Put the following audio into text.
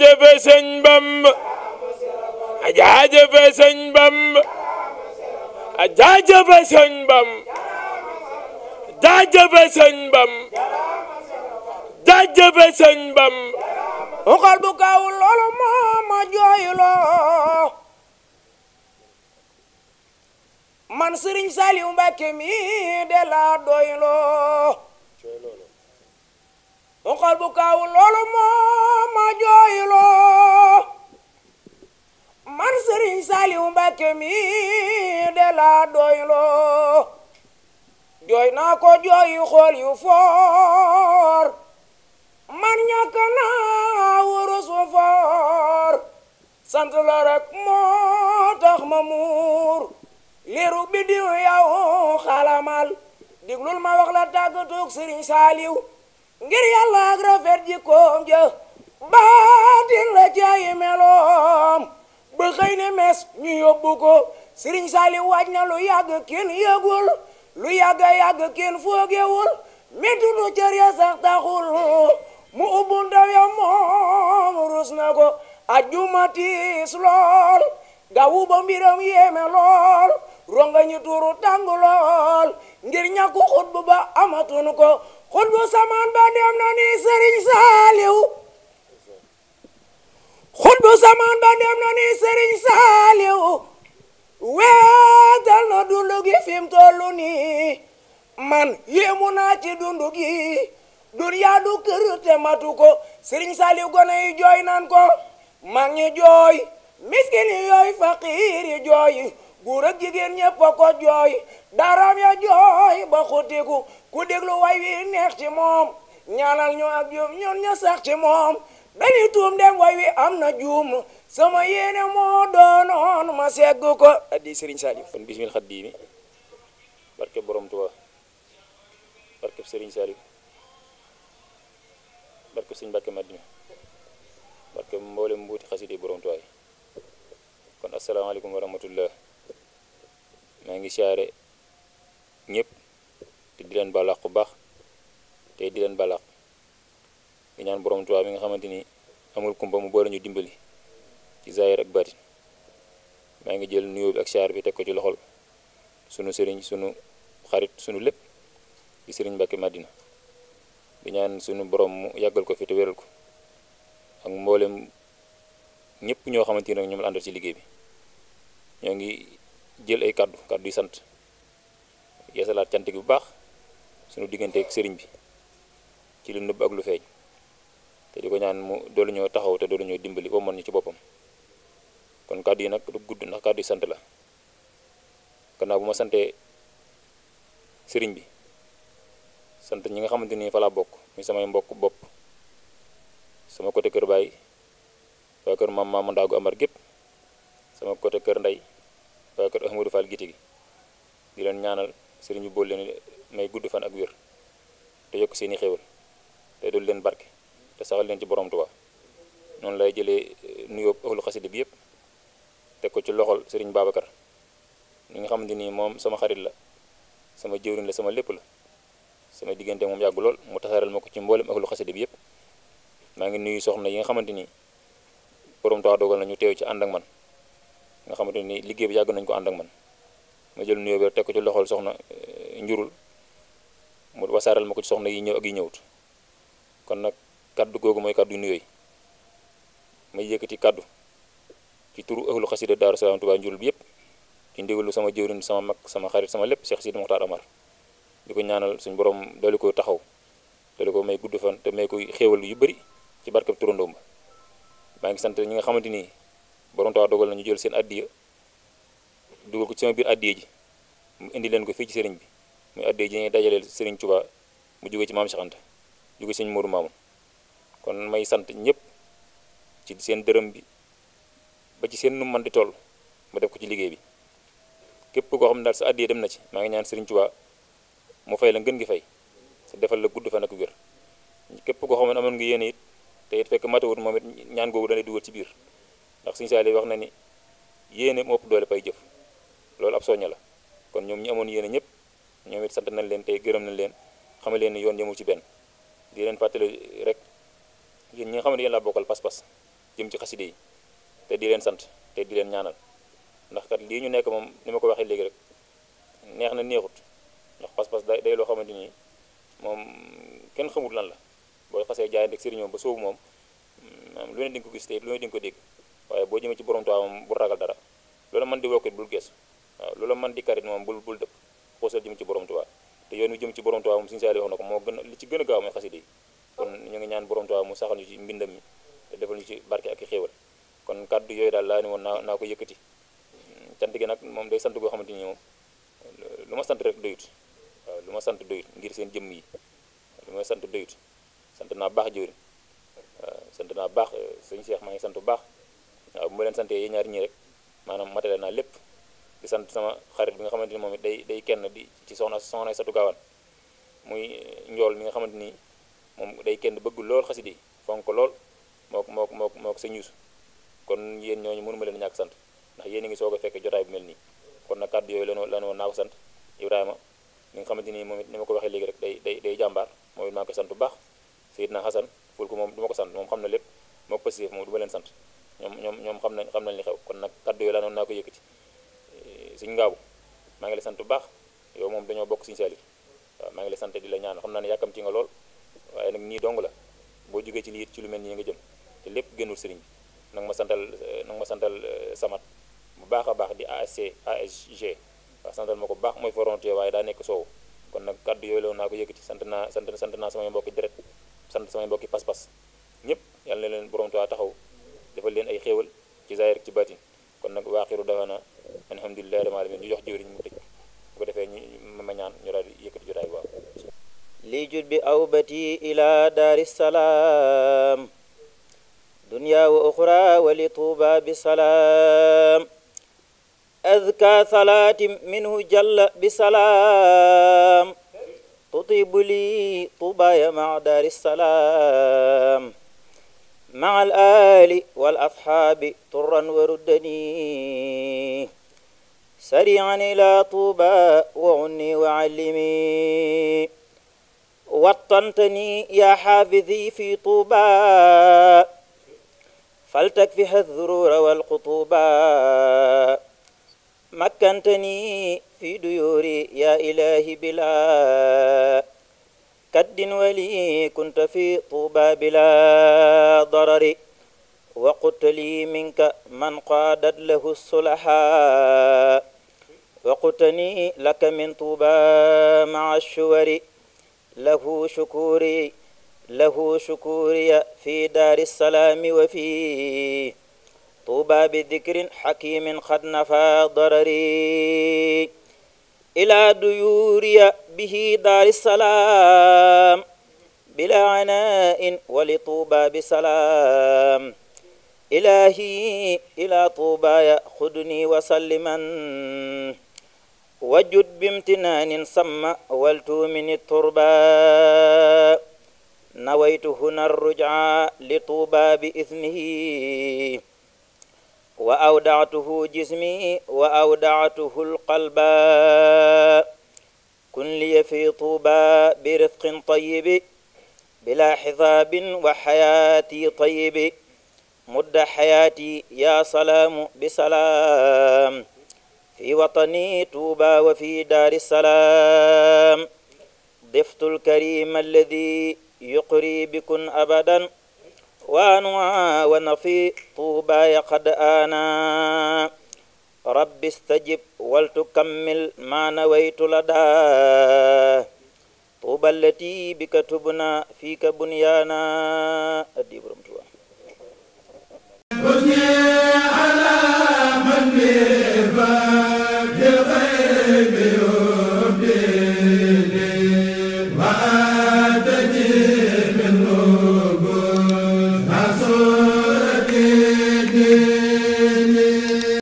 jaajëfe sëñ Bamba a jaajëfe sëñ Bamba a jaajëfe sëñ Bamba jaajëfe sëñ Bamba jaajëfe sëñ Bamba bu kaw loolu moo ma jooyloo man Sëriñ Saliou Mbacké mi de la doyloo mu xol bu kaaw loolu moo ma jooyloo man sëriñ Saliou Mbacke mi de la doyloo jooy naa ko jooyi xool yu foor man ñàkk naa wurus foor sant la rek moo tax ma muur liru bi diw yow xalamal diglul ma wax la tàgg tuug sëriñ Saliou ngir yàlla ak ji koom ja baatin la jaayi meloom ba xëy ne mes ñu yóbbu ko sëriñ Saali waaj na lu yàgg kenn yëgul lu yàgg yàgg kenn foogewul métti nu cër ya sax taxul mu ubbu ya moom rus ko ajjuma tiis lool gawu ba mbiram yéeme lool ronga ñu tuuru tàng lool ngir ñàkku xut bu ba amatunu ko xut bu samaan ba dem na ni sëriñ saaliw xut bu samaan ba dem na ni sëriñ saaliw weetal na dundu fim tollu ni man yéemu naa ci dundu gi duniyaa du kër te matu ko sëriñ saaliw gone yi jooy nan ko mag ñi jooy miskin yi yooy faqiir yi jooy góor ak jigéen ñépp jooy daram ya jooy ba xutiku ku déglu way wi neex ci moom ñaanal ñu ak juum ñun ña sax moom dañuy tuum dem way wi am na juum sama yéene moo doonoon ma segg ko addi sëriñ Saliou kon bismil xaddiimi barke borom Tuubaa barke sëriñ Saliou barke sëriñ barke mboolem mbuuti xasidi borom Tuubaa kon asalaamaaleykum wa rahmatullah maa ngi siyaare ñëpp te di leen balax ku baax te di leen balax di ñaan borom Tuubaa bi nga xamante ni amul kumpa mu boole ñu dimbali ci zaahir ak bari maa ngi jël nuyoo bi ak siyaar bi teg ko ci loxol sunu sëriñ sunu xarit sunu lépp di sëriñ Mbàkke Madina di ñaan sunu borom mu yàggal ya, ko fi te wéral ko ak mboolem ñëpp ñoo xamante ni nag ñoom ci liggéey bi ñoo ngi jël ay kaddu kaddu yi sant yeesalaat cant gi bu baax suñu diggante ak sëriñ bi ci lu nëbb ak lu feeñ te di ko ñaan mu doolu ñoo taxaw te doolu ñoo dimbali ba mon ñu ci boppam kon kaddu yi nag du gudd ndax kaddu yi sant la gannaaw bu ma santee sëriñ bi sant ñi nga xamante fa laa bokk muy samay mbokk bopp sama côté kër baay waa kër maam maamu ndaagu amar gépp sama côté kër nday bakkat Ahmadou Fall gite gi di len ñaanal serigne bi bool leen may gudd fan ak wir te yok seeni xewal te dul leen barke te saxal leen ci borom tuba non lay jele eh, nuyo ahlu xasida bi yëpp te ko ci loxol serigne babakar ni nga xam mom sama xarit la sama jeewrin la sama lepp la sama diggante mom yagul lol mu tassaral mako ci mbolam ahlu xasida bi yëpp ma ngi nuyu soxna yi nga xamante borom tuba dogal na ñu teew ci and ak man. nga xamante ni liggéey bi yàgg nañu ko ànd ak man ma jël nuyoo bi teg ko ci loxol soxna eh, njurul mu wasaaral ma ko ci soxna yi ñëw ak yi ñëwut kon nag kaddu googu mooy kaddu nuyoo yi may yëkkati kàddu ci turu ëxlu xasida daaru salaam Tuubaa njurul bi yëpp ci ndigalu sama jëwriñ sama mag sama xarit sama lépp Cheikh Sidi Mokhtar Amar di ko ñaanal suñ borom dali ko taxaw dali ko may gudd fan te may koy xéewal yu bari ci barkeb turandoom ba maa ngi sant ñi nga xamante ni. borom Tuubaa dogal na ñu jël seen addiya dugal ko ci sama biir addiya ji mu indi leen ko fii ci sëriñ bi muy addiya ji ñuy dajaleel sëriñ Tuubaa mu jóge ci maam Cheikh Anta jóge ci sëñ Modou Mamoun kon may sant ñëpp ci seen dërëm bi ba ci seen nu man di toll ma def ko ci liggéey bi képp koo xam ne daal sa addiya dem na ci maa ngi ñaan sëriñ Tuubaa mu fay la ngën gi fay te defal la gudd fan ak wér képp koo xam ne amoon ngi yéen it te it fekk matawut moom it ñaan googu da ci biir ndax suñu saali wax na ni yéene moo ëpp doole pay jëf loolu ab soñña la kon ñoom ñi amoon yéene ñëpp ñoom it sant nañ leen tey gërëm nañ leen xamal leen ni yoon yëmul ci benn di leen fàttali rek yéen ñi nga xam ne yéen laa bokkal pas-pas jëm ci xaside yi te di leen sant te di leen ñaanal ndax kat lii ñu nekk moom ni ma ko waxee léegi rek neex na neexut ndax pas-pas day day loo xamante ni moom kenn xamut lan la boo xasee jaayante ak sëriñoom ba soobu moom lu ne di ko gis te lu ko dégg bo jëme ci borom Tuubaa bu ragal dara loola man di wokk nah, bul gess waaw man di karit mom bul bul depp xoosal jëme ci borom Tuubaa te yoonu jëme ci borom Tuubaa moom suñu saali wax na ko moo gën li ci gën gaaw moy xasida kon ñu ngi ñaan borom Tuubaa mu saxal ñu ci mbindam mi te defal ñu ci barke ak xewal kon kaddu yoy dal laa ni woon na ko yëkëti tant hmm, gi nak mom day sant go xamanteni mom luma sant rek doyut luma sant doyut ngir seen jëm yi luma sant doyut sant na bax jëwri sant na bax eh, seigne Cheikh ma ngi sant bu baax waaw bu ma leen santee yéen ñaar ñii rek maanaam matale naa lépp di sant sama xarit bi nga xamante ni moom day day kenn di ci soxna soxna satu gaawaan muy njool mi nga xamante ni moom day kenn bëgg lool xasida yi fonk lool mook mook mook mook sa ñuus kon yéen ñooñu mënuma leen ñàkk sant ndax yéen a ngi soog a fekk bu mel nii kon nag kàddu yooyu lanoo lanoo naa ko sant Ibrahima mi nga xamante ni moom it ni ma ko waxee léegi rek day day day jàmbaar moom it maa ngi koy sant bu baax Seydina Xasan ful ko moom du ko sant moom xam na lépp moo ko passif moom du leen sant ñoom ñoom ñoom xam nañ xam nañ li xew kon nag kaddu yooyu laa noonu naa ko yëkkati eh, suñ ngaabu maa ngi la sant bu baax yow moom dañoo bokk siñ saali waaw maa ngi la sant di la ñaan xam naa ne yàkkamti nga lool waaye nag nii dong la boo jógee ci lii ci lu mel nii nga jëm te lépp génnul sëriñ bi nag ma santal eh, nag ma santal eh, samat bu baax a baax di ASC ASG waaw santal ko baax mooy foronte waaye daa nekk soow kon nag kaddu yooyu la naa ko yëkkati sant naa sant sant naa samay mbokki deret sant samay mbokki pas-pas ñëpp yàlla na leen borom tuwaa taxaw defal leen ay xéewal ci zaahir ci baatin kon nag waaxiru dafa na alhamdulilah rabbil alamin ñu jox jëwriñ mu tëj bu ko defee ñu ma ñaan ñu daal di yëkkati jotaay waaw lijud bi awbati ila daari salaam dunya wa uxra wa li tuuba bi salaam أذكى صلاة منه جل بسلام تطيب لي طوبى مع دار السلام مع الآل والأصحاب طرا وردني سريعا إلى طوبى وعني وعلمي وطنتني يا حافظي في طوبى فلتكفها الذرور والقطوبى مكنتني في ديوري يا إلهي بلا كد ولي كنت في طوبى بلا ضرر وقلت لي منك من قادت له الصلحاء وقتني لك من طوبى مع الشور له شكوري له شكوري في دار السلام وفي طوبى بذكر حكيم قد نفى ضرري إلى ديور به دار السلام بلا عناء ولطوبى بسلام إلهي إلى طوبى يأخذني وسلما وجد بامتنان سما ولت من التربى نويت هنا الرجعى لطوبى بإذنه وأودعته جسمي وأودعته القلب كن لي في طوبى برفق طيب بلا حضاب وحياتي طيب مد حياتي يا سلام بسلام في وطني طوبى وفي دار السلام ضفت الكريم الذي يقري بكن أبداً وأنواع ونفي طوبى قد آنا رب استجب ولتكمل ما نويت لدى طوبى التي بك تبنى فيك بنيانا أدي